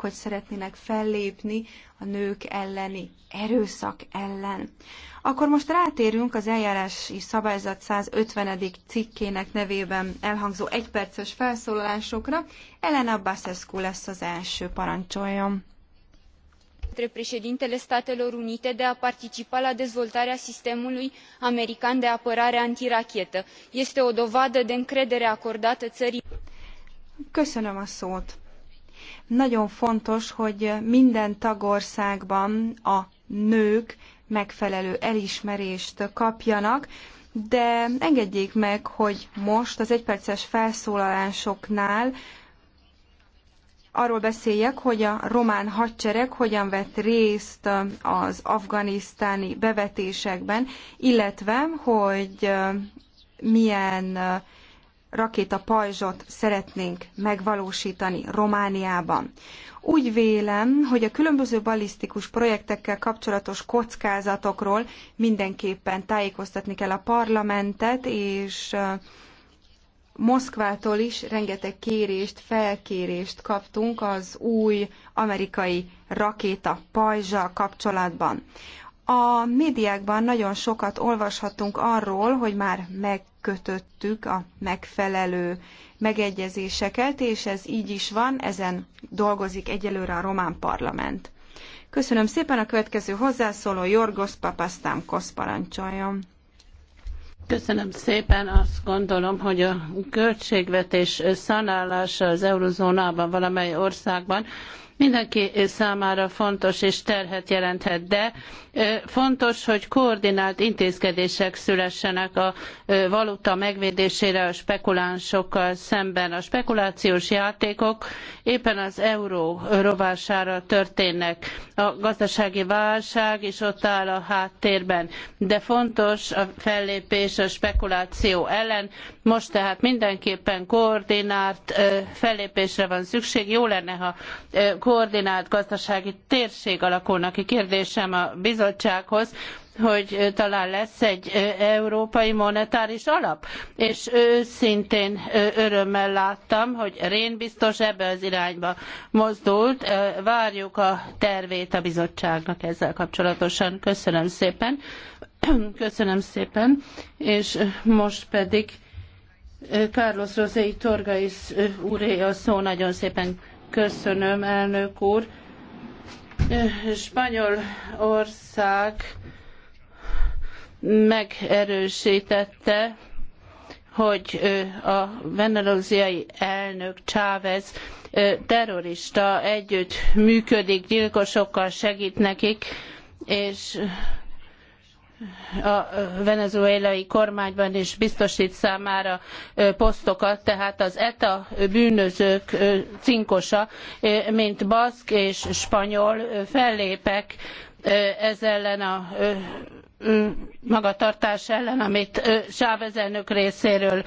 hogy szeretnének fellépni a nők elleni erőszak ellen. Akkor most rátérünk az eljárási szabályzat 150. cikkének nevében elhangzó egyperces felszólalásokra. Elena Basescu lesz az első parancsoljon Președintele statelor unite de a participa la dezvoltarea sistemului american de apărare antirachetă. este o dovadă de încredere acordată țării. Köszönöm a szót. Nagyon fontos, hogy minden tagországban a nők megfelelő elismerést kapjanak, de engedjék meg, hogy most az egyperces felszólalásoknál arról beszéljek, hogy a román hadsereg hogyan vett részt az afganisztáni bevetésekben, illetve hogy milyen rakéta pajzsot szeretnénk megvalósítani Romániában. Úgy vélem, hogy a különböző ballisztikus projektekkel kapcsolatos kockázatokról mindenképpen tájékoztatni kell a parlamentet, és Moszkvától is rengeteg kérést, felkérést kaptunk az új amerikai rakéta pajzsal kapcsolatban. A médiákban nagyon sokat olvashatunk arról, hogy már megkötöttük a megfelelő megegyezéseket, és ez így is van, ezen dolgozik egyelőre a román parlament. Köszönöm szépen a következő hozzászóló Jorgos Papasztámkosz parancsoljon. Köszönöm szépen. Azt gondolom, hogy a költségvetés szanálása az eurozónában valamely országban mindenki számára fontos és terhet jelenthet, de fontos, hogy koordinált intézkedések szülessenek a valuta megvédésére a spekulánsokkal szemben. A spekulációs játékok éppen az euró rovására történnek. A gazdasági válság is ott áll a háttérben, de fontos a fellépés a spekuláció ellen, most tehát mindenképpen koordinált fellépésre van szükség. Jó lenne, ha koordinált gazdasági térség alakulna ki. Kérdésem a bizottsághoz, hogy talán lesz egy európai monetáris alap, és őszintén örömmel láttam, hogy Rén biztos ebbe az irányba mozdult. Várjuk a tervét a bizottságnak ezzel kapcsolatosan. Köszönöm szépen. Köszönöm szépen, és most pedig Carlos Rozei Torgais úré a szó, nagyon szépen köszönöm, elnök úr. Spanyolország megerősítette, hogy a venezuelai elnök Chávez terrorista együtt működik, gyilkosokkal segít nekik, és a venezuelai kormányban és biztosít számára posztokat, tehát az ETA bűnözők cinkosa, mint baszk és spanyol fellépek ez ellen a magatartás ellen, amit Chávez elnök részéről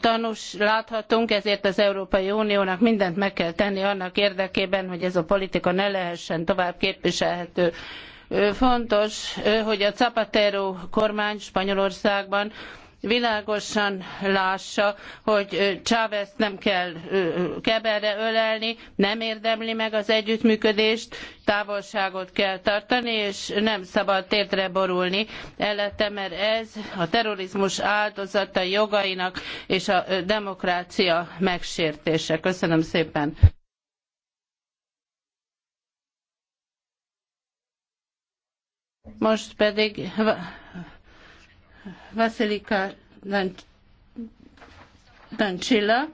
tanús láthatunk, ezért az Európai Uniónak mindent meg kell tenni annak érdekében, hogy ez a politika ne lehessen tovább képviselhető. Fontos, hogy a Zapatero kormány Spanyolországban világosan lássa, hogy Chávez nem kell keberre ölelni, nem érdemli meg az együttműködést, távolságot kell tartani, és nem szabad tétre borulni ellete, mert ez a terrorizmus áldozata jogainak és a demokrácia megsértése. Köszönöm szépen! Most pedig Vasilika Dancsilla.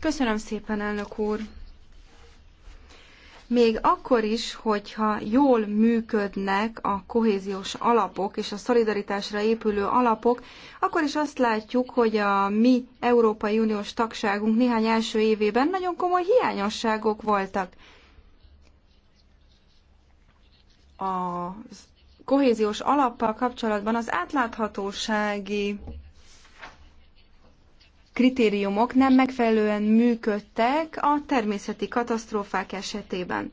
Köszönöm szépen, elnök úr! Még akkor is, hogyha jól működnek a kohéziós alapok és a szolidaritásra épülő alapok, akkor is azt látjuk, hogy a mi Európai Uniós tagságunk néhány első évében nagyon komoly hiányosságok voltak a kohéziós alappal kapcsolatban az átláthatósági kritériumok nem megfelelően működtek a természeti katasztrófák esetében.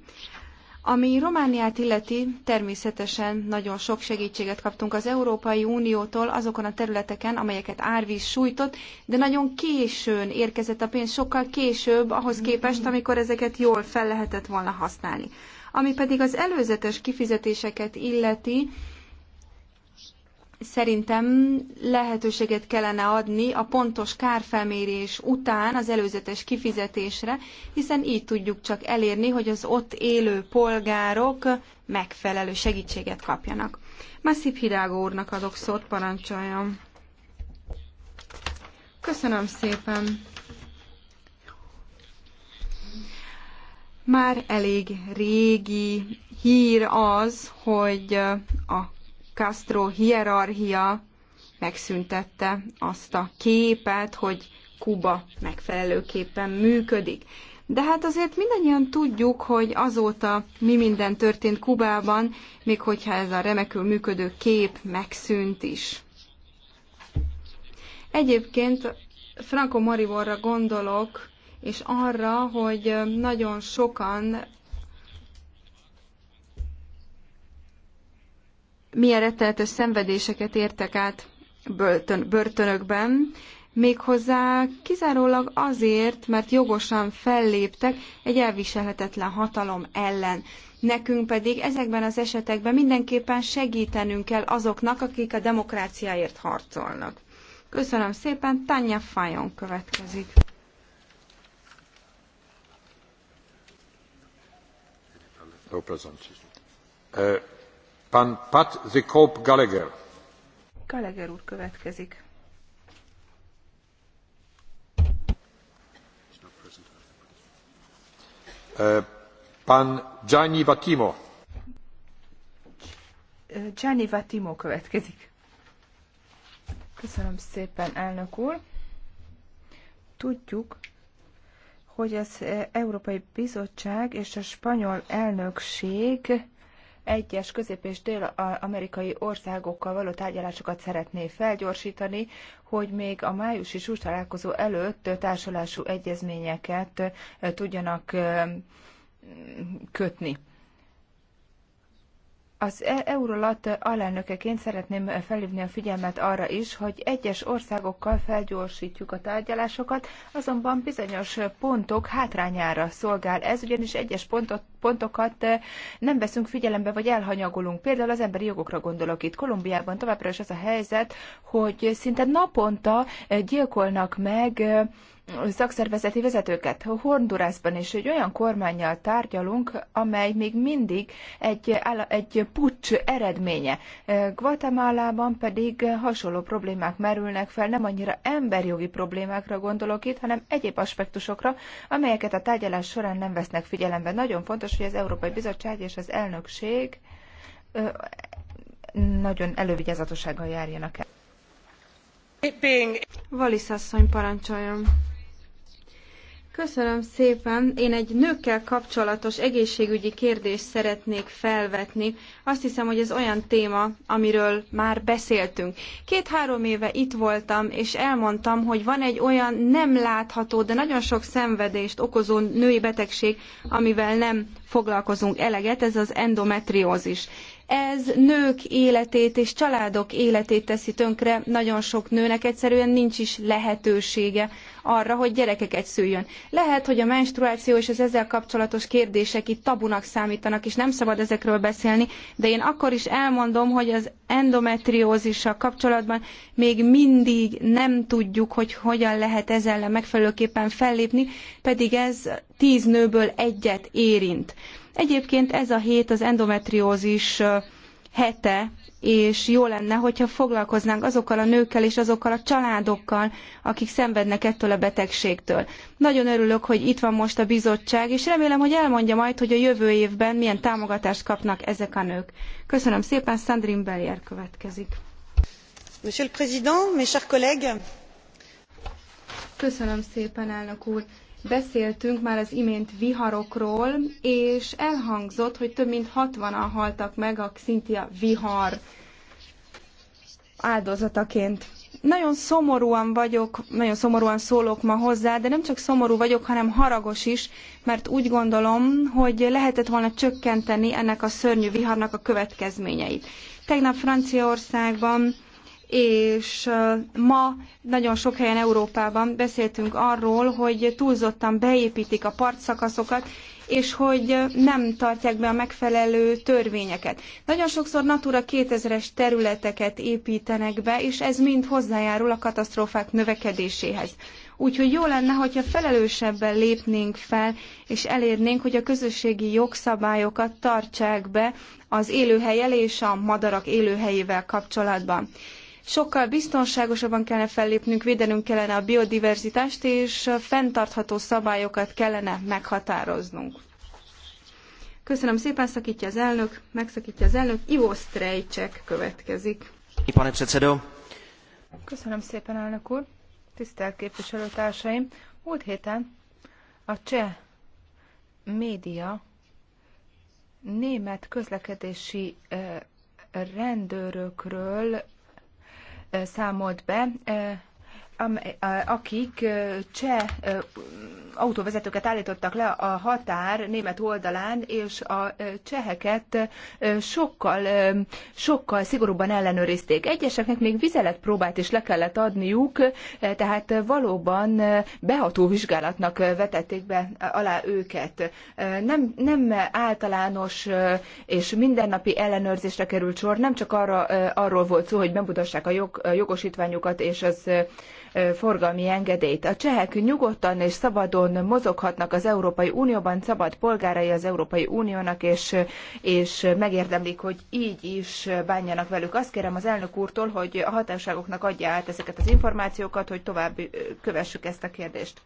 Ami Romániát illeti, természetesen nagyon sok segítséget kaptunk az Európai Uniótól azokon a területeken, amelyeket árvíz sújtott, de nagyon későn érkezett a pénz, sokkal később ahhoz képest, amikor ezeket jól fel lehetett volna használni. Ami pedig az előzetes kifizetéseket illeti, szerintem lehetőséget kellene adni a pontos kárfelmérés után az előzetes kifizetésre, hiszen így tudjuk csak elérni, hogy az ott élő polgárok megfelelő segítséget kapjanak. Masszív Hidágo úrnak adok szót, parancsoljam. Köszönöm szépen! Már elég régi hír az, hogy a Castro hierarchia megszüntette azt a képet, hogy Kuba megfelelőképpen működik. De hát azért mindannyian tudjuk, hogy azóta mi minden történt Kubában, még hogyha ez a remekül működő kép megszűnt is. Egyébként Franco Marivorra gondolok, és arra, hogy nagyon sokan milyen rettenetes szenvedéseket értek át börtön, börtönökben, méghozzá kizárólag azért, mert jogosan felléptek egy elviselhetetlen hatalom ellen. Nekünk pedig ezekben az esetekben mindenképpen segítenünk kell azoknak, akik a demokráciáért harcolnak. Köszönöm szépen, Tanya Fajon következik. to present. E, uh, Gallagher. Gallagher úr következik. E, Gianni Vattimo. E, Gianni Vattimo következik. Köszönöm szépen, elnök úr. Tudjuk, hogy az eh, Európai Bizottság és a spanyol elnökség egyes közép- és dél-amerikai országokkal való tárgyalásokat szeretné felgyorsítani, hogy még a májusi csúcs találkozó előtt társulású egyezményeket eh, tudjanak eh, kötni. Az e- Eurolat alelnökeként szeretném felhívni a figyelmet arra is, hogy egyes országokkal felgyorsítjuk a tárgyalásokat, azonban bizonyos pontok hátrányára szolgál ez, ugyanis egyes pontot, pontokat eh, nem veszünk figyelembe, vagy elhanyagolunk. Például az emberi jogokra gondolok itt. Kolumbiában továbbra is az a helyzet, hogy szinte naponta eh, gyilkolnak meg eh, szakszervezeti vezetőket. Hondurasban is egy olyan kormányjal tárgyalunk, amely még mindig egy, egy pucs eredménye. Guatemalában pedig hasonló problémák merülnek fel, nem annyira emberjogi problémákra gondolok itt, hanem egyéb aspektusokra, amelyeket a tárgyalás során nem vesznek figyelembe. Nagyon fontos, hogy az Európai Bizottság és az elnökség nagyon elővigyázatossággal járjanak el. Valisz asszony parancsoljon. Köszönöm szépen. Én egy nőkkel kapcsolatos egészségügyi kérdést szeretnék felvetni. Azt hiszem, hogy ez olyan téma, amiről már beszéltünk. Két-három éve itt voltam, és elmondtam, hogy van egy olyan nem látható, de nagyon sok szenvedést okozó női betegség, amivel nem foglalkozunk eleget, ez az endometriózis ez nők életét és családok életét teszi tönkre. Nagyon sok nőnek egyszerűen nincs is lehetősége arra, hogy gyerekeket szüljön. Lehet, hogy a menstruáció és az ezzel kapcsolatos kérdések itt tabunak számítanak, és nem szabad ezekről beszélni, de én akkor is elmondom, hogy az endometriózissal kapcsolatban még mindig nem tudjuk, hogy hogyan lehet ez ellen megfelelőképpen fellépni, pedig ez tíz nőből egyet érint. Egyébként ez a hét az endometriózis hete, és jó lenne, hogyha foglalkoznánk azokkal a nőkkel és azokkal a családokkal, akik szenvednek ettől a betegségtől. Nagyon örülök, hogy itt van most a bizottság, és remélem, hogy elmondja majd, hogy a jövő évben milyen támogatást kapnak ezek a nők. Köszönöm szépen, Sandrine Bellier következik. Monsieur le Président, mes chers collègues. Köszönöm szépen, elnök úr. Beszéltünk már az imént viharokról, és elhangzott, hogy több mint 60-an haltak meg a Xintia vihar áldozataként nagyon szomorúan vagyok, nagyon szomorúan szólok ma hozzá, de nem csak szomorú vagyok, hanem haragos is, mert úgy gondolom, hogy lehetett volna csökkenteni ennek a szörnyű viharnak a következményeit. Tegnap Franciaországban és ma nagyon sok helyen Európában beszéltünk arról, hogy túlzottan beépítik a partszakaszokat, és hogy nem tartják be a megfelelő törvényeket. Nagyon sokszor Natura 2000-es területeket építenek be, és ez mind hozzájárul a katasztrófák növekedéséhez. Úgyhogy jó lenne, hogyha felelősebben lépnénk fel, és elérnénk, hogy a közösségi jogszabályokat tartsák be az élőhelyel és a madarak élőhelyével kapcsolatban. Sokkal biztonságosabban kellene fellépnünk, védenünk kellene a biodiverzitást, és fenntartható szabályokat kellene meghatároznunk. Köszönöm szépen, szakítja az elnök, megszakítja az elnök, Ivo Strejcsek következik. Pane předsedo. Köszönöm szépen, elnök úr. Tisztelt képviselőtársaim, múlt héten a cseh média német közlekedési eh, rendőrökről számolt be akik cseh autóvezetőket állítottak le a határ német oldalán, és a cseheket sokkal, sokkal szigorúbban ellenőrizték. Egyeseknek még vizelet próbát is le kellett adniuk, tehát valóban beható vizsgálatnak vetették be alá őket. Nem, nem általános és mindennapi ellenőrzésre került sor, nem csak arra, arról volt szó, hogy bemutassák a jog, jogosítványukat és az forgalmi engedélyt. A csehek nyugodtan és szabadon mozoghatnak az Európai Unióban, szabad polgárai az Európai Uniónak, és, és megérdemlik, hogy így is bánjanak velük. Azt kérem az elnök úrtól, hogy a hatóságoknak adja át ezeket az információkat, hogy tovább kövessük ezt a kérdést.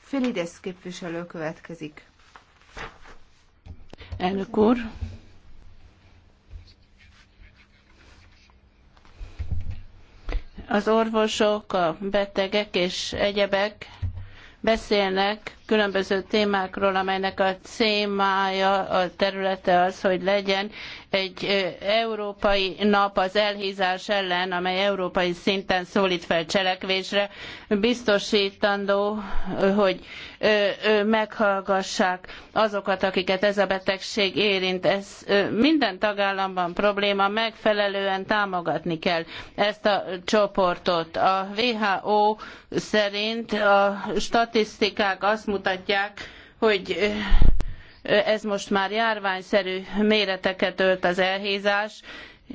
Filides képviselő következik. Elnök úr, az orvosok, a betegek és egyebek beszélnek különböző témákról, amelynek a témája, a területe az, hogy legyen egy európai nap az elhízás ellen, amely európai szinten szólít fel cselekvésre, biztosítandó, hogy meghallgassák azokat, akiket ez a betegség érint. Ez minden tagállamban probléma, megfelelően támogatni kell ezt a csoportot. A WHO szerint a statisztikák azt mutatják, hogy eh, ez most már járványszerű méreteket ölt az elhízás,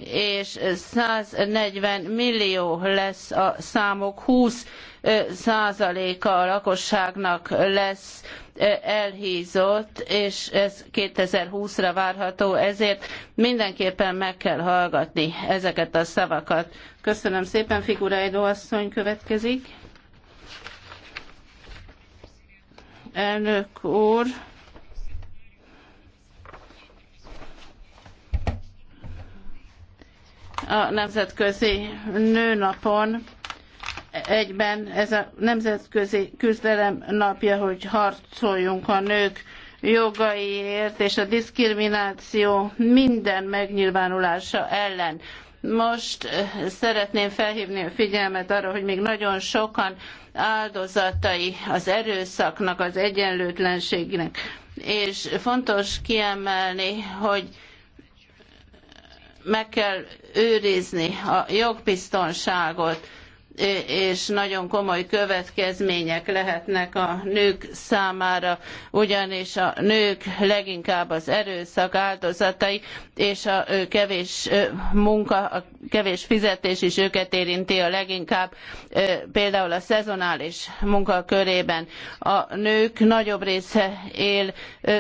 és 140 millió lesz a számok, 20 eh, százaléka a lakosságnak lesz eh, elhízott, és ez 2020-ra várható, ezért mindenképpen meg kell hallgatni ezeket a szavakat. Köszönöm szépen, Figureidó asszony következik. elnök úr. A nemzetközi nőnapon egyben ez a nemzetközi küzdelem napja, hogy harcoljunk a nők jogaiért és a diszkrimináció minden megnyilvánulása ellen. Most eh, szeretném felhívni a figyelmet arra, hogy még nagyon sokan áldozatai az erőszaknak, az egyenlőtlenségnek. És fontos kiemelni, hogy meg kell őrizni a jogbiztonságot és nagyon komoly következmények lehetnek a nők számára, ugyanis a nők leginkább az erőszak áldozatai, és a kevés munka, a kevés fizetés is őket érinti a leginkább, például a szezonális munka körében. A nők nagyobb része él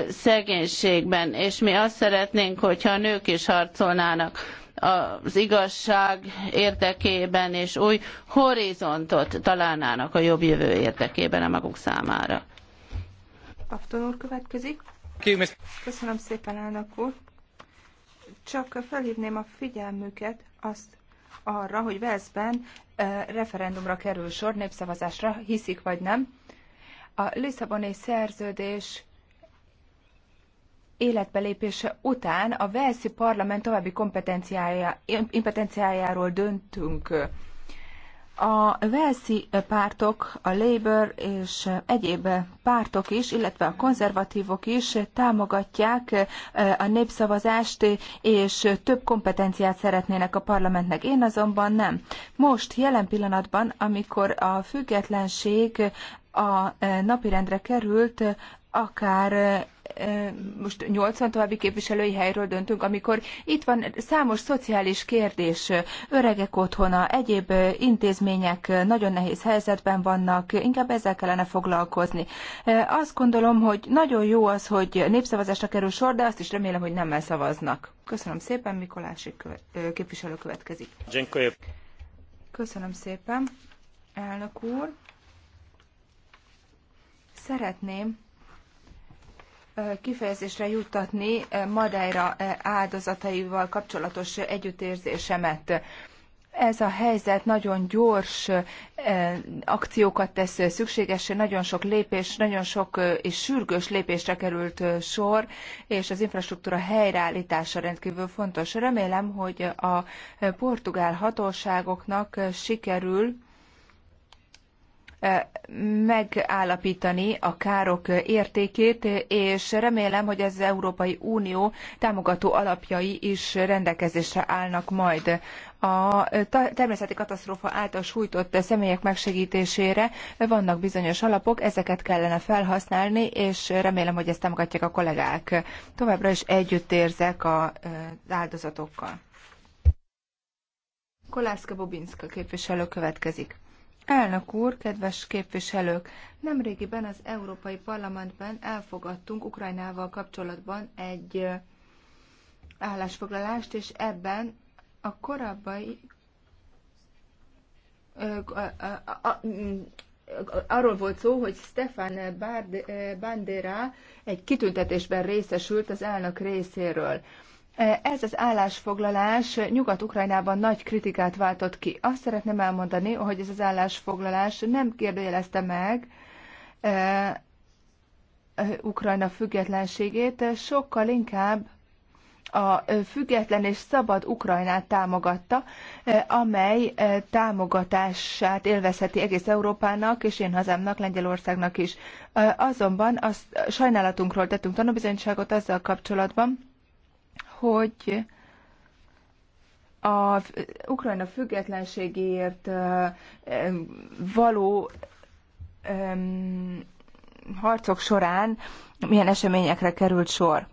szegénységben, és mi azt szeretnénk, hogyha a nők is harcolnának az igazság érdekében, és új horizontot találnának a jobb jövő érdekében a maguk számára. Afton úr következik. Köszönöm szépen, elnök úr. Csak felhívném a figyelmüket azt arra, hogy Veszben referendumra kerül sor, népszavazásra, hiszik vagy nem. A Lisszaboni szerződés életbelépése után a Velszi Parlament további kompetenciája, impetenciájáról döntünk. A Velszi pártok, a Labour és egyéb pártok is, illetve a konzervatívok is támogatják eh, a népszavazást, és több kompetenciát szeretnének a parlamentnek. Én azonban nem. Most, jelen pillanatban, amikor a függetlenség a eh, napirendre került, akár most 80 további képviselői helyről döntünk, amikor itt van számos szociális kérdés, öregek otthona, egyéb intézmények nagyon nehéz helyzetben vannak, inkább ezzel kellene foglalkozni. Azt gondolom, hogy nagyon jó az, hogy népszavazásra kerül sor, de azt is remélem, hogy nem elszavaznak. Köszönöm szépen, Mikolási képviselő következik. Köszönöm szépen, elnök úr. Szeretném kifejezésre juttatni Madeira áldozataival kapcsolatos együttérzésemet. Ez a helyzet nagyon gyors akciókat tesz szükségessé, nagyon sok lépés, nagyon sok és sürgős lépésre került sor, és az infrastruktúra helyreállítása rendkívül fontos. Remélem, hogy a portugál hatóságoknak sikerül megállapítani a károk értékét, és remélem, hogy ez az Európai Unió támogató alapjai is rendelkezésre állnak majd a természeti katasztrófa által sújtott személyek megsegítésére vannak bizonyos alapok, ezeket kellene felhasználni, és remélem, hogy ezt támogatják a kollégák. Továbbra is együtt érzek az áldozatokkal. Kolászka Bobinska képviselő következik. Elnök úr, kedves képviselők! Nemrégiben az Európai Parlamentben elfogadtunk Ukrajnával kapcsolatban egy állásfoglalást, és ebben a korábbi arról volt szó, hogy Stefan Bandera egy kitüntetésben részesült az elnök részéről. Ez az állásfoglalás Nyugat-Ukrajnában nagy kritikát váltott ki. Azt szeretném elmondani, hogy ez az állásfoglalás nem kérdőjelezte meg e, e, Ukrajna függetlenségét, sokkal inkább a független és szabad Ukrajnát támogatta, e, amely támogatását élvezheti egész Európának és én hazámnak, Lengyelországnak is. Azonban azt sajnálatunkról tettünk tanúbizonyságot azzal kapcsolatban, hogy a Ukrajna függetlenségéért való harcok során milyen eseményekre került sor.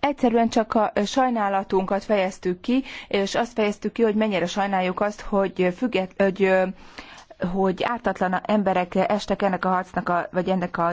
Egyszerűen csak a sajnálatunkat fejeztük ki, és azt fejeztük ki, hogy mennyire sajnáljuk azt, hogy, függet, hogy, hogy ártatlan emberek estek ennek a harcnak, a, vagy ennek a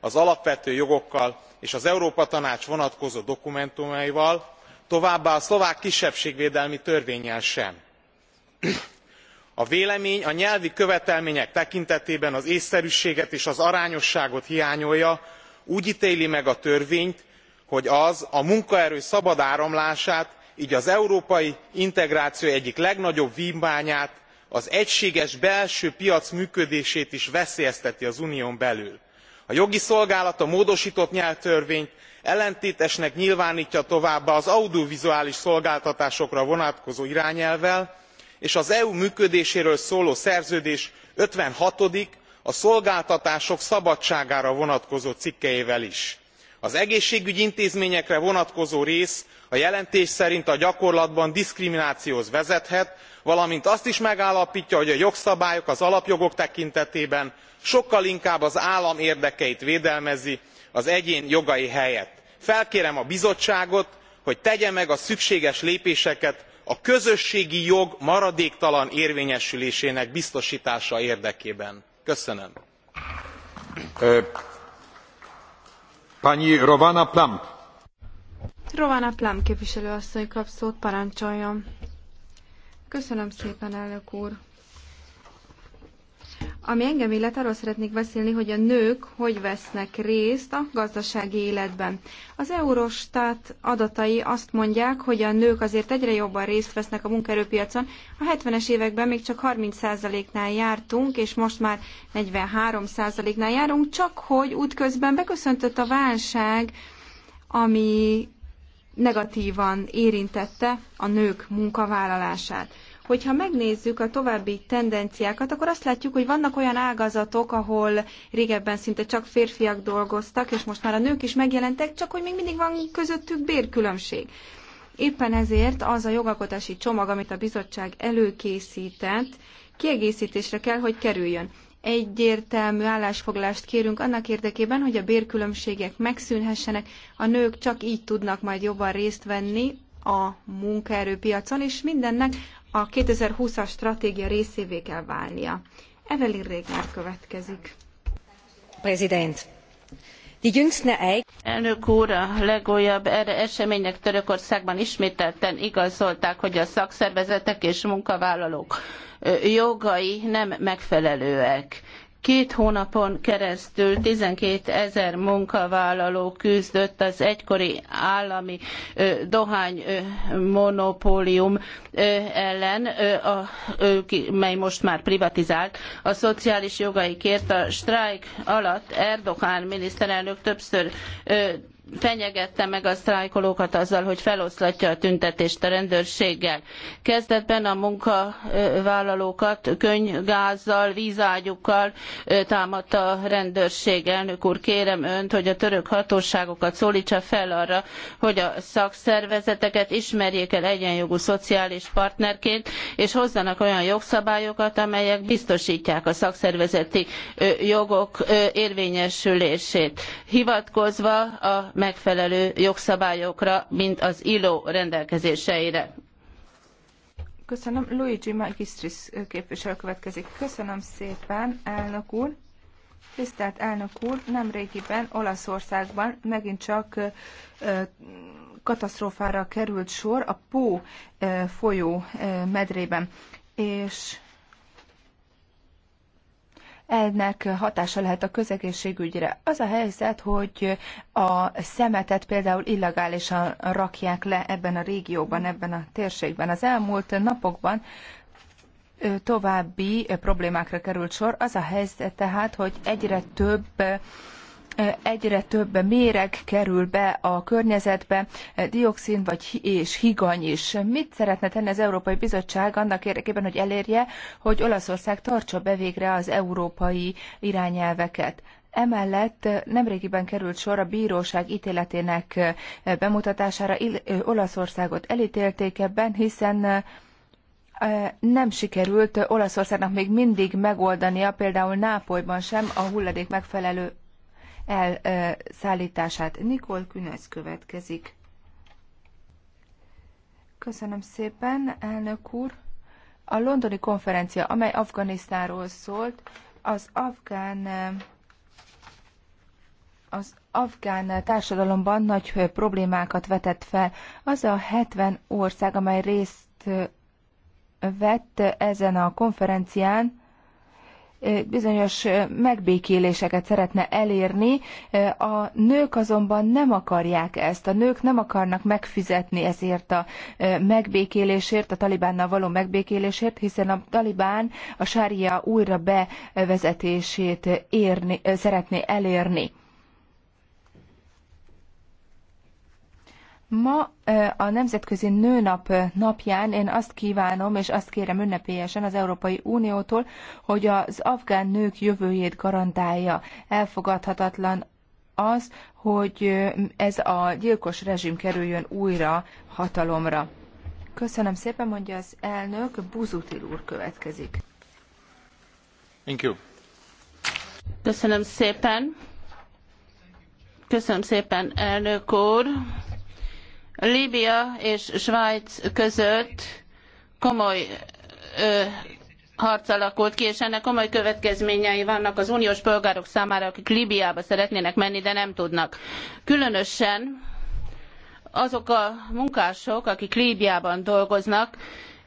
az alapvető jogokkal és az európa tanács vonatkozó dokumentumaival továbbá a szlovák kisebbségvédelmi törvénnyel sem. a vélemény a nyelvi követelmények tekintetében az ésszerűséget és az arányosságot hiányolja úgy téli meg a törvényt hogy az a munkaerő szabad áramlását gy az európai integráció egyik legnagyobb vvmányát az egységes belső piac működését is veszélyezteti az unión belül a jogi szolgálat a módostott nyelvtörvényt ellentétesnek nyilvántja továbbá az audiovizuális szolgáltatásokra vonatkozó irányelvvel és az eu működéséről szóló szerződés fifty six a szolgáltatások szabadságára vonatkozó cikkelyével is. az egészségügyi intézményekre vonatkozó rész a jelentés szerint a gyakorlatban diszkriminációhoz vezethet valamint azt is megállaptja hogy a jogszabályok az alapjogok tekintetében sokkal inkább az állam érdekeit védelmezi az egyén jogai helyett. felkérem a bizottságot hogy tegye meg a szükséges lépéseket a közösségi jog maradéktalan érvényesülésének biztostása érdekében. köszönöm. Pani Köszönöm szépen, ami engem illet, arról szeretnék beszélni, hogy a nők hogy vesznek részt a gazdasági életben. Az Eurostat adatai azt mondják, hogy a nők azért egyre jobban részt vesznek a munkaerőpiacon. A 70-es években még csak 30%-nál jártunk, és most már 43%-nál járunk, csak hogy útközben beköszöntött a válság, ami negatívan érintette a nők munkavállalását. Hogyha megnézzük a további tendenciákat, akkor azt látjuk, hogy vannak olyan ágazatok, ahol régebben szinte csak férfiak dolgoztak, és most már a nők is megjelentek, csak hogy még mindig van közöttük bérkülönbség. Éppen ezért az a jogalkotási csomag, amit a bizottság előkészített, kiegészítésre kell, hogy kerüljön. Egyértelmű állásfoglalást kérünk annak érdekében, hogy a bérkülönbségek megszűnhessenek, a nők csak így tudnak majd jobban részt venni a munkaerőpiacon, és mindennek a 2020-as stratégia részévé kell válnia. Evelyn Régner következik. Prezident. Elnök úr, a legújabb erre események Törökországban ismételten igazolták, hogy a szakszervezetek és munkavállalók jogai nem megfelelőek Két hónapon keresztül 12 ezer munkavállaló küzdött az egykori állami dohánymonopólium ellen, mely most már privatizált. A szociális jogaikért a sztrájk alatt Erdogan miniszterelnök többször fenyegette meg a sztrájkolókat azzal, hogy feloszlatja a tüntetést a rendőrséggel. Kezdetben a munkavállalókat könygázzal, vízágyukkal támadta a rendőrség. Elnök úr, kérem önt, hogy a török hatóságokat szólítsa fel arra, hogy a szakszervezeteket ismerjék el egyenjogú szociális partnerként, és hozzanak olyan jogszabályokat, amelyek biztosítják a szakszervezeti jogok érvényesülését. Hivatkozva a megfelelő jogszabályokra, mint az ILO rendelkezéseire. Köszönöm. Luigi Magistris képviselő következik. Köszönöm szépen, elnök úr. Tisztelt elnök úr, nemrégiben Olaszországban megint csak katasztrófára került sor a Pó folyó medrében, és ennek hatása lehet a közegészségügyre. Az a helyzet, hogy a szemetet például illegálisan rakják le ebben a régióban, ebben a térségben. Az elmúlt napokban további problémákra került sor. Az a helyzet tehát, hogy egyre több egyre több méreg kerül be a környezetbe, dioxin vagy és higany is. Mit szeretne tenni az Európai Bizottság annak érdekében, hogy elérje, hogy Olaszország tartsa be végre az európai irányelveket? Emellett nemrégiben került sor a bíróság ítéletének bemutatására. Olaszországot elítélték ebben, hiszen nem sikerült Olaszországnak még mindig megoldania, például Nápolyban sem a hulladék megfelelő elszállítását. Nikol Künesz következik. Köszönöm szépen, elnök úr. A londoni konferencia, amely Afganisztánról szólt, az afgán az afgán társadalomban nagy problémákat vetett fel. Az a 70 ország, amely részt vett ezen a konferencián, bizonyos megbékéléseket szeretne elérni. A nők azonban nem akarják ezt. A nők nem akarnak megfizetni ezért a megbékélésért, a talibánnal való megbékélésért, hiszen a talibán a sária újra bevezetését érni, szeretné elérni. Ma a Nemzetközi Nőnap napján én azt kívánom, és azt kérem ünnepélyesen az Európai Uniótól, hogy az afgán nők jövőjét garantálja. Elfogadhatatlan az, hogy ez a gyilkos rezsim kerüljön újra hatalomra. Köszönöm szépen, mondja az elnök, Buzutil úr következik. Thank you. Köszönöm szépen. Köszönöm szépen, elnök úr. Líbia és Svájc között komoly ö, harc alakult ki, és ennek komoly következményei vannak az uniós polgárok számára, akik Líbiába szeretnének menni, de nem tudnak. Különösen azok a munkások, akik Líbiában dolgoznak,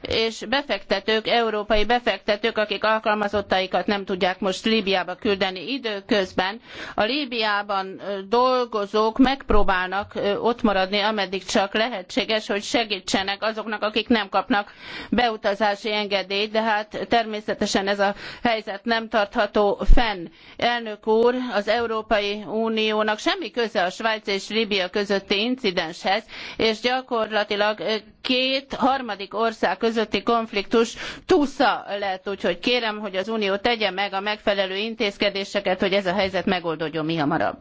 és befektetők, európai befektetők, akik alkalmazottaikat nem tudják most lbiába küldeni. Időközben a lbiában dolgozók megpróbálnak ott maradni, ameddig csak lehetséges, hogy segítsenek azoknak, akik nem kapnak beutazási engedélyt, de hát természetesen ez a helyzet nem tartható fenn. Elnök úr, az Európai Uniónak semmi köze a Svájc és Líbia közötti incidenshez, és gyakorlatilag két harmadik ország közötti konfliktus túsza lett, úgyhogy kérem, hogy az Unió tegye meg a megfelelő intézkedéseket, hogy ez a helyzet megoldódjon mi hamarabb.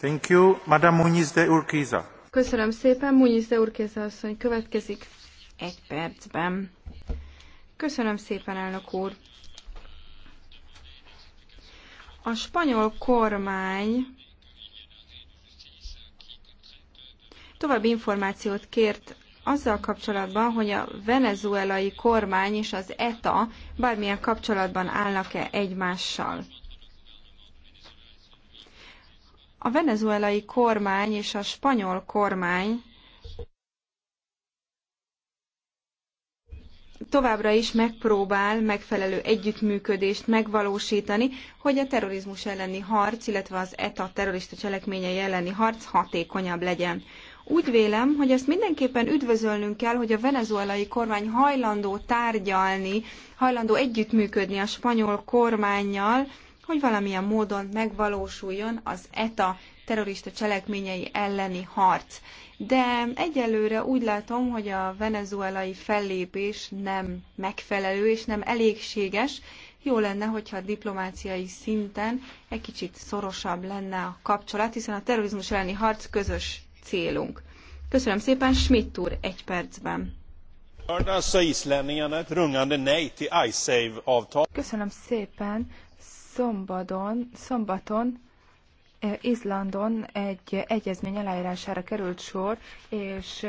Thank you, Madame Muniz de Urquiza. Köszönöm szépen, Muniz de Urquiza asszony következik egy percben. Köszönöm szépen, elnök úr. A spanyol kormány további információt kért azzal kapcsolatban, hogy a venezuelai kormány és az ETA bármilyen kapcsolatban állnak-e egymással. A venezuelai kormány és a spanyol kormány továbbra is megpróbál megfelelő együttműködést megvalósítani, hogy a terrorizmus elleni harc, illetve az ETA terrorista cselekményei elleni harc hatékonyabb legyen. Úgy vélem, hogy ezt mindenképpen üdvözölnünk kell, hogy a venezuelai kormány hajlandó tárgyalni, hajlandó együttműködni a spanyol kormányjal, hogy valamilyen módon megvalósuljon az ETA terrorista cselekményei elleni harc. De egyelőre úgy látom, hogy a venezuelai fellépés nem megfelelő és nem elégséges. Jó lenne, hogyha a diplomáciai szinten egy kicsit szorosabb lenne a kapcsolat, hiszen a terrorizmus elleni harc közös célunk. Köszönöm szépen, Schmidt úr, egy percben. Köszönöm szépen. Szombaton, szombaton e, Izlandon egy egyezmény aláírására került sor, és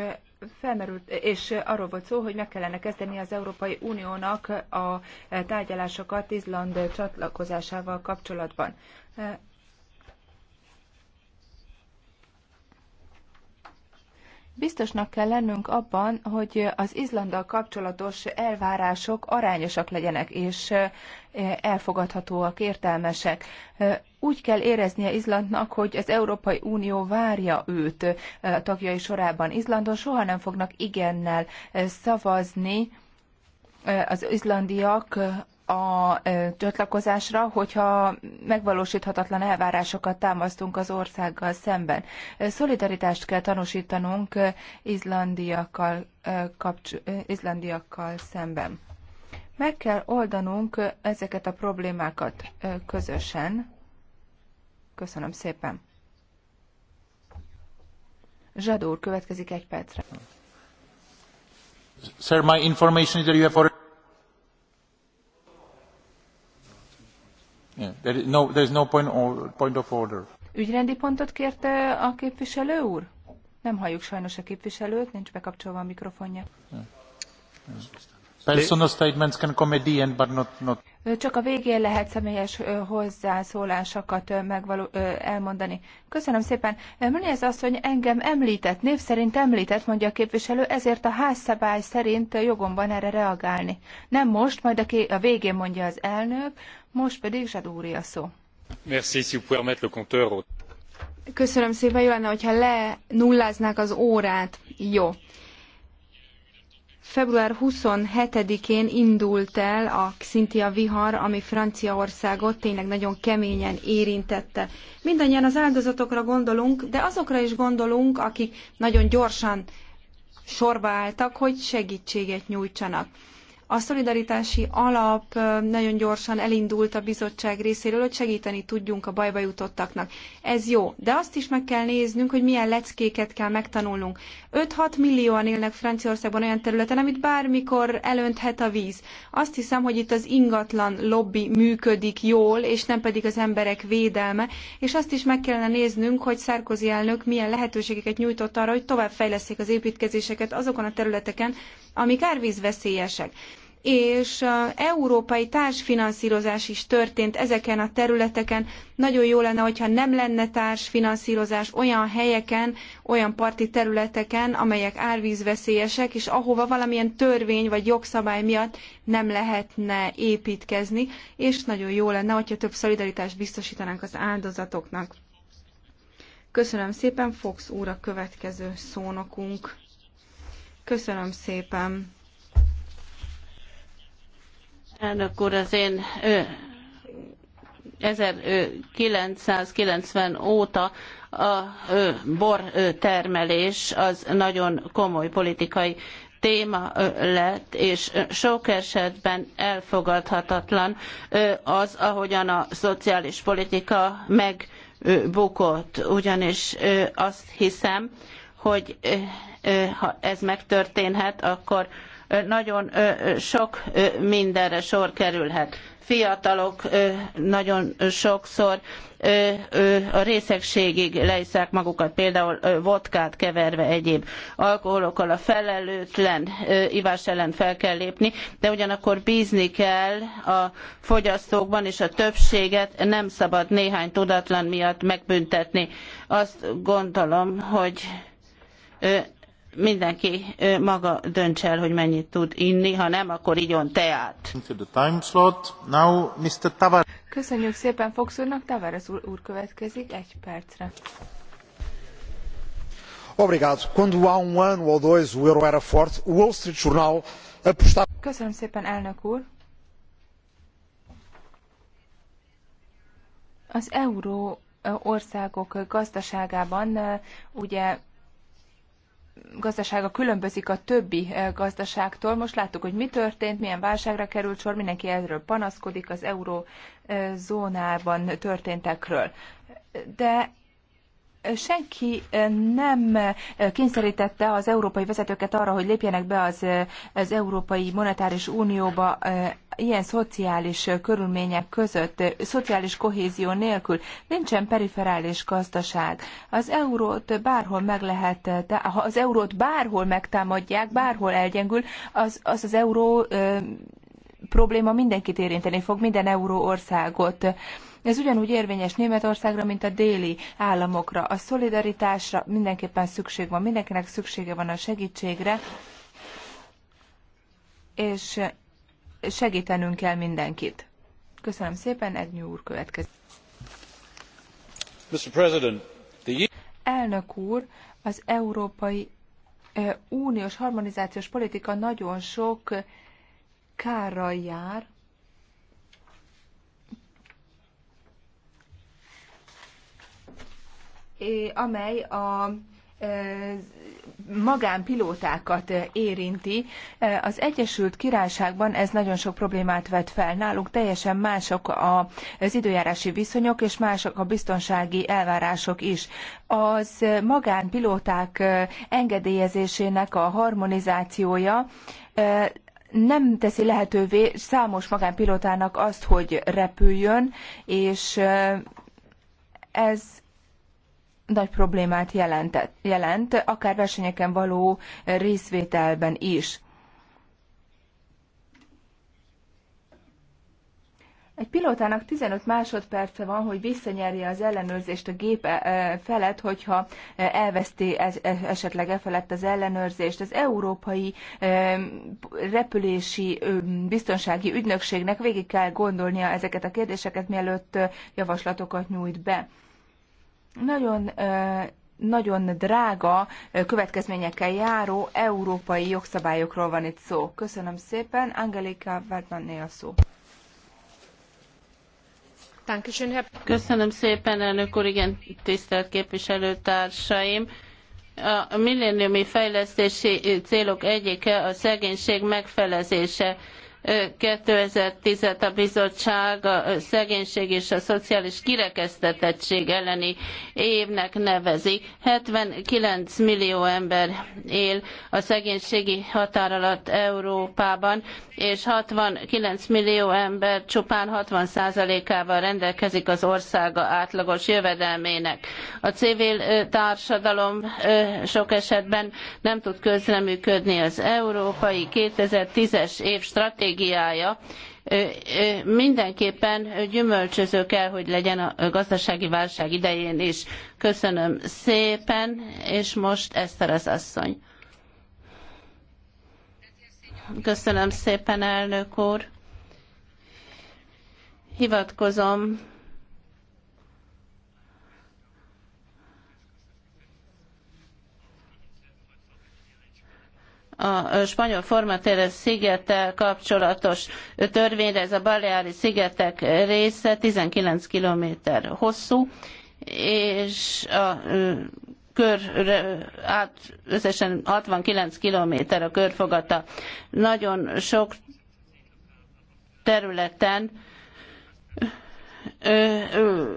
felmerült, és arról volt szó, hogy meg kellene kezdeni az Európai Uniónak a tárgyalásokat Izland csatlakozásával kapcsolatban. Biztosnak kell lennünk abban, hogy az Izlanddal kapcsolatos elvárások arányosak legyenek, és e, elfogadhatóak, értelmesek. E, úgy kell éreznie Izlandnak, hogy az Európai Unió várja őt a e, tagjai sorában. Izlandon soha nem fognak igennel szavazni az izlandiak a csatlakozásra, hogyha megvalósíthatatlan elvárásokat támasztunk az országgal szemben. Szolidaritást kell tanúsítanunk izlandiakkal, kapcs- izlandiakkal szemben. Meg kell oldanunk ezeket a problémákat közösen. Köszönöm szépen. Zsadó úr, következik egy percre. Sir, my information is that you have already... Ügyrendi pontot kérte a képviselő úr? Nem halljuk sajnos a képviselőt, nincs bekapcsolva a mikrofonja. Yeah. Yeah. Personal statements can come at the end, but not, not. Csak a végén lehet személyes hozzászólásokat megvaló, elmondani. Köszönöm szépen. Mi ez az, hogy engem említett, név szerint említett, mondja a képviselő, ezért a házszabály szerint jogom van erre reagálni. Nem most, majd aki a végén mondja az elnök, most pedig Zsadúri a szó. Merci, si vous pouvez mettre le compteur. Köszönöm szépen, jó lenne, hogyha nulláznák az órát. Jó. Február 27-én indult el a Xintia vihar, ami Franciaországot tényleg nagyon keményen érintette. Mindannyian az áldozatokra gondolunk, de azokra is gondolunk, akik nagyon gyorsan sorba álltak, hogy segítséget nyújtsanak. A szolidaritási alap nagyon gyorsan elindult a bizottság részéről, hogy segíteni tudjunk a bajba jutottaknak. Ez jó, de azt is meg kell néznünk, hogy milyen leckéket kell megtanulnunk. 5-6 millióan élnek Franciaországban olyan területen, amit bármikor elönthet a víz. Azt hiszem, hogy itt az ingatlan lobby működik jól, és nem pedig az emberek védelme, és azt is meg kellene néznünk, hogy Szárkozi elnök milyen lehetőségeket nyújtott arra, hogy továbbfejleszék az építkezéseket azokon a területeken, amik árvízveszélyesek és európai társfinanszírozás is történt ezeken a területeken. Nagyon jó lenne, hogyha nem lenne társfinanszírozás olyan helyeken, olyan parti területeken, amelyek árvízveszélyesek, és ahova valamilyen törvény vagy jogszabály miatt nem lehetne építkezni, és nagyon jó lenne, hogyha több szolidaritást biztosítanánk az áldozatoknak. Köszönöm szépen, Fox úr a következő szónokunk. Köszönöm szépen. Elnök úr, az én ő, 1990 óta a bortermelés az nagyon komoly politikai téma lett, és sok esetben elfogadhatatlan az, ahogyan a szociális politika megbukott. Ugyanis azt hiszem, hogy ha ez megtörténhet, akkor nagyon sok mindenre sor kerülhet. Fiatalok nagyon sokszor a részegségig leiszák magukat, például vodkát keverve egyéb alkoholokkal. A felelőtlen ivás ellen fel kell lépni, de ugyanakkor bízni kell a fogyasztókban, és a többséget nem szabad néhány tudatlan miatt megbüntetni. Azt gondolom, hogy mindenki maga dönts el, hogy mennyit tud inni, ha nem, akkor igyon teát. Now, Mr. Köszönjük szépen Fox úrnak, Tavares úr, úr következik egy percre. Obrigado. Quando há um ano ou dois o euro era forte, o Wall Street Journal apostava... Köszönöm szépen, elnök úr. Az euró országok gazdaságában ugye gazdasága különbözik a többi eh, gazdaságtól. Most láttuk, hogy mi történt, milyen válságra került sor, mindenki erről panaszkodik az eurózónában eh, történtekről. De senki nem kényszerítette az európai vezetőket arra, hogy lépjenek be az, az Európai Monetáris Unióba ilyen szociális körülmények között, szociális kohézió nélkül nincsen periferális gazdaság. Az eurót bárhol meg lehet, ha az eurót bárhol megtámadják, bárhol elgyengül, az az, az euró ö, probléma mindenkit érinteni fog, minden euró országot. Ez ugyanúgy érvényes Németországra, mint a déli államokra. A szolidaritásra mindenképpen szükség van, mindenkinek szüksége van a segítségre, és segítenünk kell mindenkit. Köszönöm szépen, Egnyú úr következik. Mr. President, the... Elnök úr, az Európai eh, Uniós harmonizációs politika nagyon sok kárral jár, amely a magánpilótákat érinti. Az Egyesült Királyságban ez nagyon sok problémát vet fel. Nálunk teljesen mások az időjárási viszonyok, és mások a biztonsági elvárások is. Az magánpilóták engedélyezésének a harmonizációja nem teszi lehetővé számos magánpilótának azt, hogy repüljön, és ez nagy problémát jelentett, jelent, akár versenyeken való részvételben is. Egy pilótának 15 másodperce van, hogy visszanyerje az ellenőrzést a gép eh, felett, hogyha eh, elveszti esetleg e felett az ellenőrzést. Az Európai eh, Repülési Biztonsági Ügynökségnek végig kell gondolnia ezeket a kérdéseket, mielőtt javaslatokat nyújt be nagyon nagyon drága következményekkel járó európai jogszabályokról van itt szó. Köszönöm szépen. Angelika Wertmanné a szó. Köszönöm szépen, elnök úr, igen, tisztelt képviselőtársaim. A milléniumi fejlesztési célok egyike a szegénység megfelezése 2010-et a bizottság a szegénység és a szociális kirekesztettség elleni évnek nevezi. 79 millió ember él a szegénységi határ alatt Európában, és 69 millió ember csupán 60%-ával rendelkezik az országa átlagos jövedelmének. A civil társadalom sok esetben nem tud közreműködni az európai 2010-es év stratégiai stratégiája mindenképpen gyümölcsöző kell, hogy legyen a gazdasági válság idején is. Köszönöm szépen, és most Eszter az asszony. Köszönöm szépen, elnök úr. Hivatkozom a spanyol formateres szigettel kapcsolatos törvényre, ez a Baleári szigetek része 19 kilométer hosszú, és a körre át összesen 69 kilométer a körfogata. Nagyon sok területen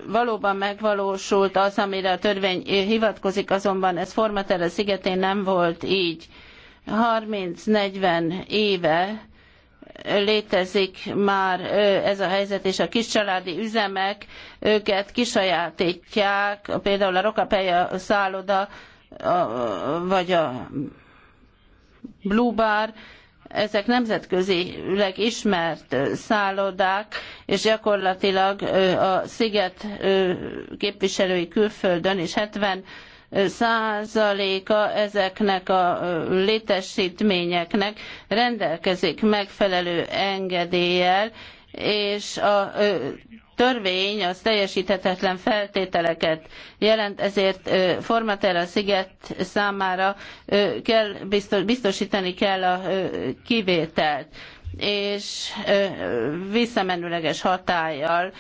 valóban megvalósult az, amire a törvény hivatkozik, azonban ez formateres szigetén nem volt így 30-40 éve létezik már ez a helyzet, és a kiscsaládi üzemek őket kisajátítják, például a Rokapeja szálloda, vagy a Blue Bar, ezek nemzetközileg ismert szállodák, és gyakorlatilag a sziget képviselői külföldön, és 70 százaléka ezeknek a létesítményeknek rendelkezik megfelelő engedéllyel, és a törvény az teljesíthetetlen feltételeket jelent, ezért Formatera sziget számára kell, biztosítani kell a kivételt és visszamenőleges hatállyal,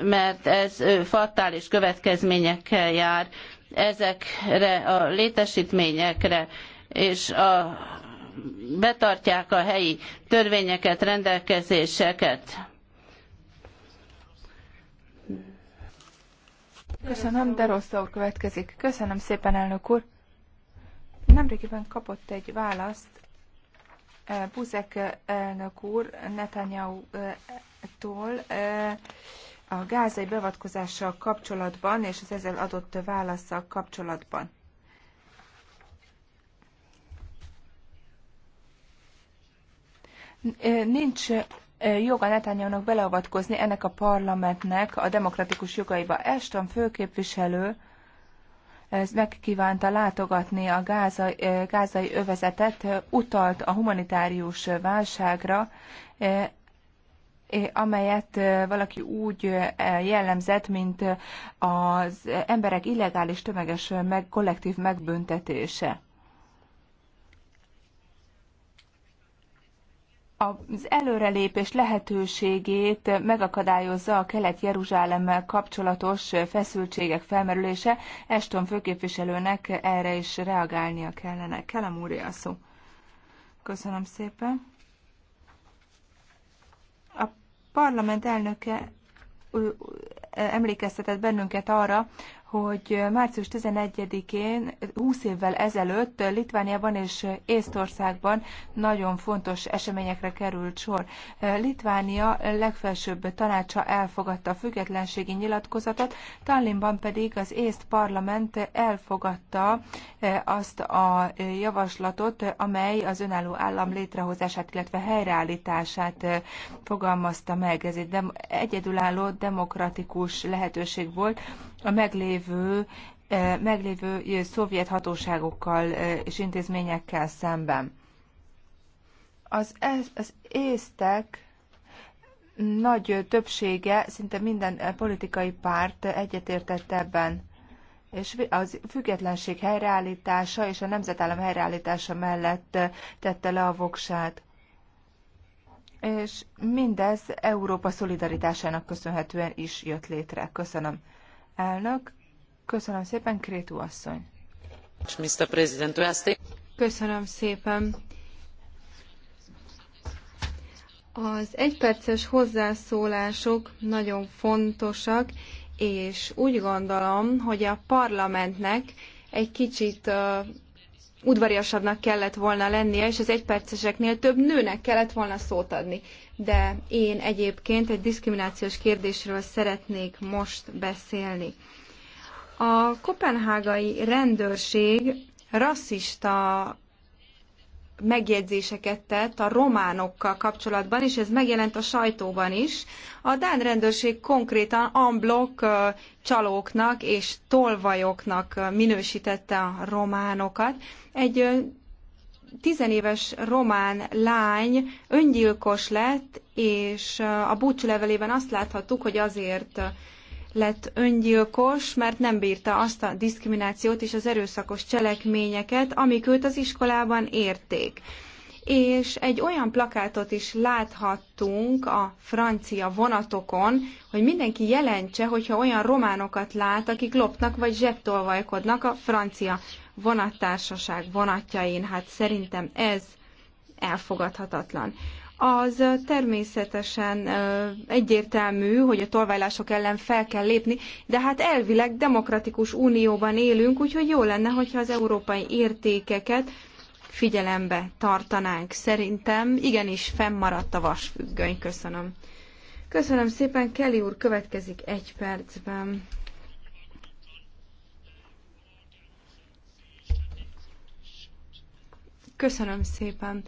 mert ez fatális következményekkel jár ezekre a létesítményekre, és a, betartják a helyi törvényeket, rendelkezéseket. Köszönöm, de rossz következik. Köszönöm szépen, elnök úr. Nemrégiben kapott egy választ eh, Buzek eh, elnök úr Netanyahu-tól eh, a gázai beavatkozással kapcsolatban és az ezzel adott válaszsal kapcsolatban. Nincs joga Netanyának beleavatkozni ennek a parlamentnek a demokratikus jogaiba. Eston főképviselő ez megkívánta látogatni a gázai, gázai övezetet, utalt a humanitárius válságra, amelyet valaki úgy jellemzett, mint az emberek illegális tömeges meg, kollektív megbüntetése. az előrelépés lehetőségét megakadályozza a Kelet-Jeruzsálemmel kapcsolatos feszültségek felmerülése. Eston főképviselőnek erre is reagálnia kellene. Kelem úr, szó. Köszönöm szépen parlament elnöke emlékeztetett bennünket arra, hogy március 11-én, 20 évvel ezelőtt Litvániában és Észtországban nagyon fontos eseményekre került sor. Litvánia legfelsőbb tanácsa elfogadta a függetlenségi nyilatkozatot, Tallinnban pedig az észt parlament elfogadta eh, azt a javaslatot, amely az önálló állam létrehozását, illetve helyreállítását eh, fogalmazta meg. Ez egy egyedülálló demokratikus lehetőség volt, a meglévő eh, meglévő eh, szovjet hatóságokkal eh, és intézményekkel szemben. Az, az észtek nagy többsége, szinte minden politikai párt egyetértett ebben, és az függetlenség helyreállítása és a nemzetállam helyreállítása mellett tette le a voksát. És mindez Európa szolidaritásának köszönhetően is jött létre. Köszönöm. Elnök, köszönöm szépen, Krétu asszony. Köszönöm szépen. Az egyperces hozzászólások nagyon fontosak, és úgy gondolom, hogy a parlamentnek egy kicsit udvariasabbnak kellett volna lennie, és az egyperceseknél több nőnek kellett volna szót adni. De én egyébként egy diszkriminációs kérdésről szeretnék most beszélni. A kopenhágai rendőrség rasszista megjegyzéseket tett a románokkal kapcsolatban, és ez megjelent a sajtóban is. A Dán rendőrség konkrétan amblok csalóknak és tolvajoknak minősítette a románokat. Egy tizenéves román lány öngyilkos lett, és a levelében azt láthattuk, hogy azért lett öngyilkos, mert nem bírta azt a diszkriminációt és az erőszakos cselekményeket, amik őt az iskolában érték. És egy olyan plakátot is láthattunk a francia vonatokon, hogy mindenki jelentse, hogyha olyan románokat lát, akik lopnak vagy zsebtolvajkodnak a francia vonattársaság vonatjain. Hát szerintem ez elfogadhatatlan az természetesen egyértelmű, hogy a tolvajlások ellen fel kell lépni, de hát elvileg demokratikus unióban élünk, úgyhogy jó lenne, hogyha az európai értékeket figyelembe tartanánk. Szerintem igenis fennmaradt a vasfüggöny. Köszönöm. Köszönöm szépen, Kelly úr, következik egy percben. Köszönöm szépen.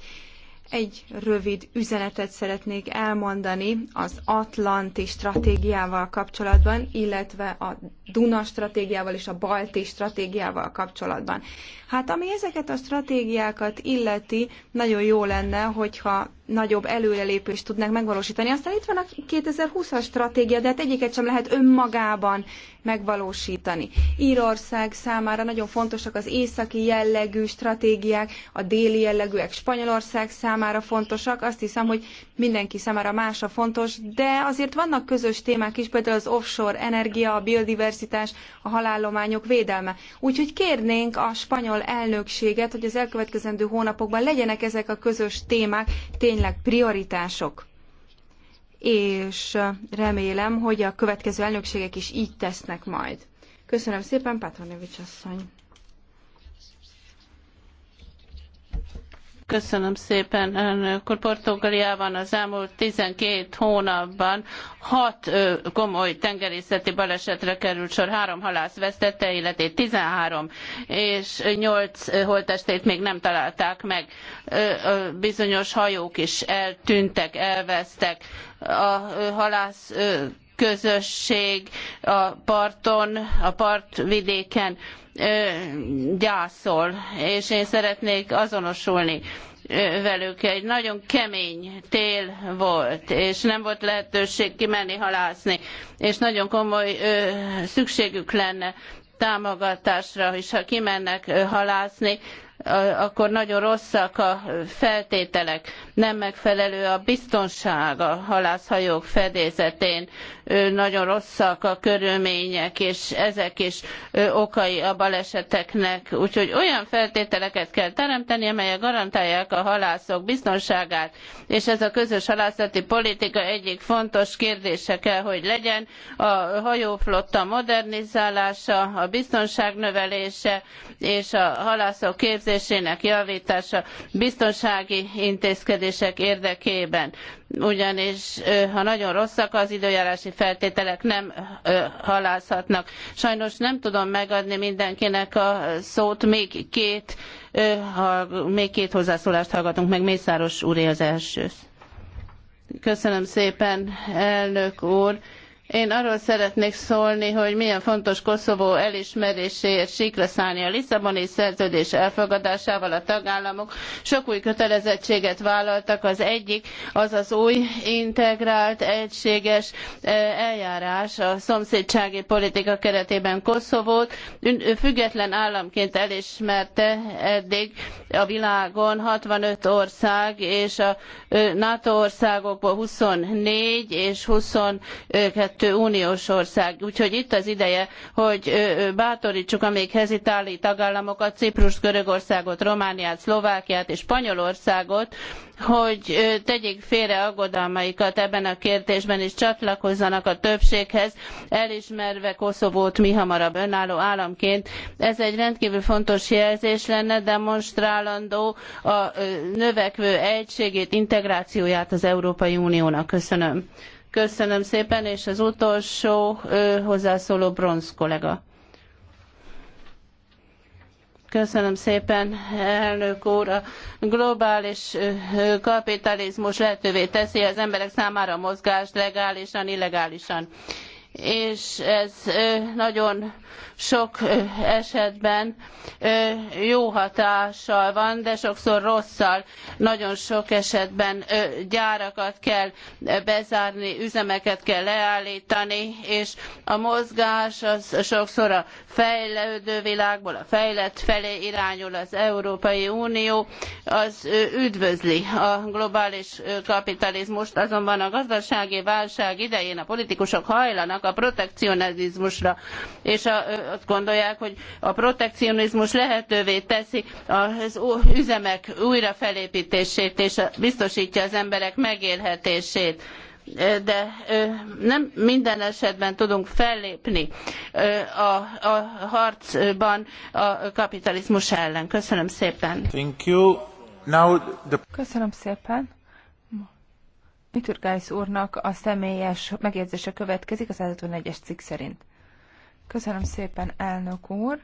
Egy rövid üzenetet szeretnék elmondani az Atlanti stratégiával kapcsolatban, illetve a Duna stratégiával és a Balti stratégiával kapcsolatban. Hát ami ezeket a stratégiákat illeti, nagyon jó lenne, hogyha nagyobb előrelépést tudnánk megvalósítani. Aztán itt van a 2020-as stratégia, de hát egyiket sem lehet önmagában megvalósítani. Írország számára nagyon fontosak az északi jellegű stratégiák, a déli jellegűek Spanyolország számára fontosak. Azt hiszem, hogy mindenki számára más a fontos, de azért vannak közös témák is, például az offshore energia, a biodiversitás, a halállományok védelme. Úgyhogy kérnénk a spanyol elnökséget, hogy az elkövetkezendő hónapokban legyenek ezek a közös témák tényleg tényleg prioritások. És remélem, hogy a következő elnökségek is így tesznek majd. Köszönöm szépen, Patronevics asszony! Köszönöm szépen, elnök úr. Portugáliában az elmúlt 12 hónapban hat komoly tengerészeti balesetre került sor, három halász vesztette életét, 13 és 8 holtestét még nem találták meg. Bizonyos hajók is eltűntek, elvesztek. A halász közösség a parton, a partvidéken gyászol, és én szeretnék azonosulni velük. Egy nagyon kemény tél volt, és nem volt lehetőség kimenni halászni, és nagyon komoly ö, szükségük lenne támogatásra, és ha kimennek halászni, akkor nagyon rosszak a feltételek, nem megfelelő a biztonság a halászhajók fedélzetén, nagyon rosszak a körülmények, és ezek is okai a baleseteknek. Úgyhogy olyan feltételeket kell teremteni, amelyek garantálják a halászok biztonságát, és ez a közös halászati politika egyik fontos kérdése kell, hogy legyen a hajóflotta modernizálása, a biztonság növelése és a halászok képzése fejlesztésének javítása biztonsági intézkedések érdekében. Ugyanis ha nagyon rosszak az időjárási feltételek, nem halászhatnak. Sajnos nem tudom megadni mindenkinek a szót, még két, ha, még két hozzászólást hallgatunk meg. Mészáros úré az első. Köszönöm szépen, elnök úr. Én arról szeretnék szólni, hogy milyen fontos Koszovó elismeréséért síkra szállni a Lisszaboni szerződés elfogadásával a tagállamok. Sok új kötelezettséget vállaltak, az egyik az az új integrált, egységes eh, eljárás a szomszédsági politika keretében Koszovót. Független államként elismerte eddig a világon 65 ország, és a eh, NATO országokból 24 és 22 eh, kettő uniós ország. Úgyhogy itt az ideje, hogy bátorítsuk a még hezitáló tagállamokat, Ciprust, Görögországot, Romániát, Szlovákiát és Spanyolországot, hogy tegyék félre aggodalmaikat ebben a kérdésben, és csatlakozzanak a többséghez, elismerve Koszovót mihamarabb önálló államként. Ez egy rendkívül fontos jelzés lenne, demonstrálandó a növekvő egységét, integrációját az Európai Uniónak. Köszönöm. Köszönöm szépen, és az utolsó hozzászóló Bronz kollega. Köszönöm szépen, elnök úr. A globális kapitalizmus lehetővé teszi az emberek számára a mozgást legálisan, illegálisan és ez nagyon sok esetben jó hatással van, de sokszor rosszal. Nagyon sok esetben gyárakat kell bezárni, üzemeket kell leállítani, és a mozgás az sokszor a fejlődő világból, a fejlett felé irányul az Európai Unió, az üdvözli a globális kapitalizmust, azonban a gazdasági válság idején a politikusok hajlanak utalnak a protekcionizmusra, és a, azt gondolják, hogy a protekcionizmus lehetővé teszi az üzemek újrafelépítését, és biztosítja az emberek megélhetését de nem minden esetben tudunk fellépni a, a harcban a kapitalizmus ellen. Köszönöm szépen. Thank you. Now the... Köszönöm szépen. Miturgájsz úrnak a személyes megjegyzése következik a 151-es cikk szerint. Köszönöm szépen, elnök úr!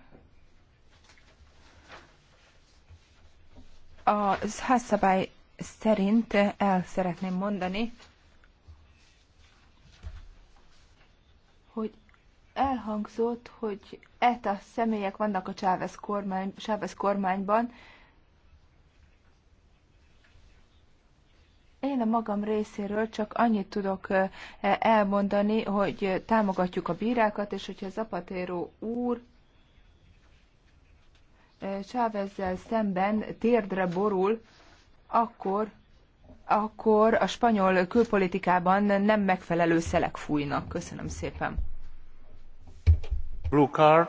A házszabály szerint el szeretném mondani, hogy elhangzott, hogy ETA személyek vannak a Chávez, kormány, Chávez kormányban, Én a magam részéről csak annyit tudok e, elmondani, hogy támogatjuk a bírákat, és hogyha Zapatero úr Chávezzel szemben térdre borul, akkor, akkor a spanyol külpolitikában nem megfelelő szelek fújnak. Köszönöm szépen. Blue card.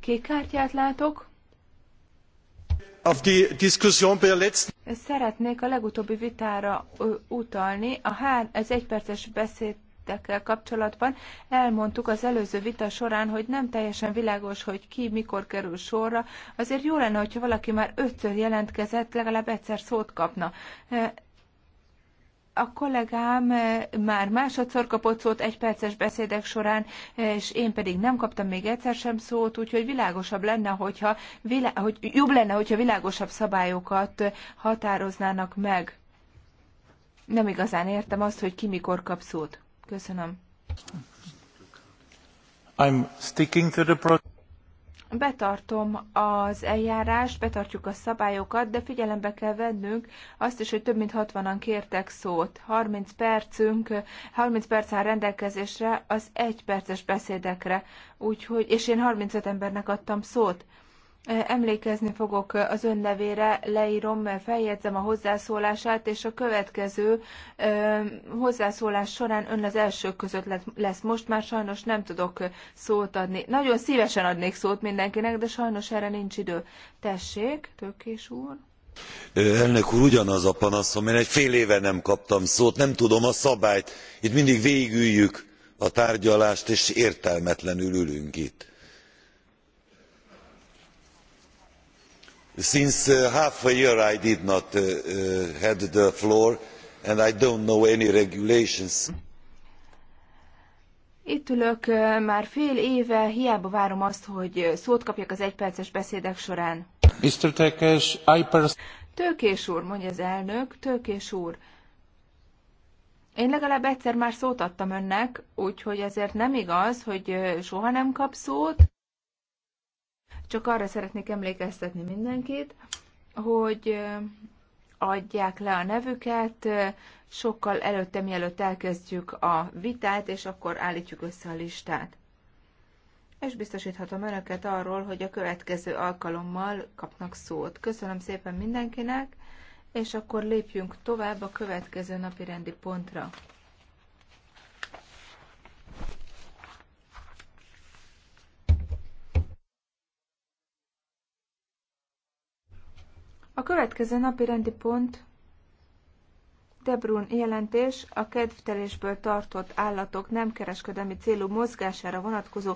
Kék kártyát látok. Szeretnék a legutóbbi vitára utalni. A hár, az egyperces beszéd kapcsolatban elmondtuk az előző vita során, hogy nem teljesen világos, hogy ki mikor kerül sorra. Azért jó lenne, hogyha valaki már ötször jelentkezett, legalább egyszer szót kapna a kollégám eh, már másodszor kapott szót egy perces beszédek során, eh, és én pedig nem kaptam még egyszer sem szót, úgyhogy világosabb lenne, hogyha vilá- hogy jobb lenne, hogyha világosabb szabályokat eh, határoznának meg. Nem igazán értem azt, hogy ki mikor kap szót. Köszönöm. I'm sticking to the pro- betartom az eljárást, betartjuk a szabályokat, de figyelembe kell vennünk azt is, hogy több mint 60-an kértek szót. 30 percünk, 30 perc áll rendelkezésre az egy perces beszédekre, úgyhogy, és én 35 embernek adtam szót. Emlékezni fogok az ön nevére, leírom, feljegyzem a hozzászólását, és a következő ö, hozzászólás során ön az első között lesz. Most már sajnos nem tudok szót adni. Nagyon szívesen adnék szót mindenkinek, de sajnos erre nincs idő. Tessék, Tökés úr. Elnök úr, ugyanaz a panaszom, én egy fél éve nem kaptam szót, nem tudom a szabályt. Itt mindig végüljük a tárgyalást, és értelmetlenül ülünk itt since uh, half a year i did not uh, uh, had the floor and i don't know any regulations. Itt ülök már fél éve, hiába várom azt, hogy szót kapjak az egyperces beszédek során. Mr. Tekes, I pers- Tőkés úr, mondja az elnök, tőkés úr. Én legalább egyszer már szót adtam önnek, úgyhogy ezért nem igaz, hogy soha nem kap szót. Csak arra szeretnék emlékeztetni mindenkit, hogy adják le a nevüket, sokkal előtte, mielőtt elkezdjük a vitát, és akkor állítjuk össze a listát. És biztosíthatom önöket arról, hogy a következő alkalommal kapnak szót. Köszönöm szépen mindenkinek, és akkor lépjünk tovább a következő napi rendi pontra. A következő napi rendi pont Debrun jelentés a kedvtelésből tartott állatok nem kereskedelmi célú mozgására vonatkozó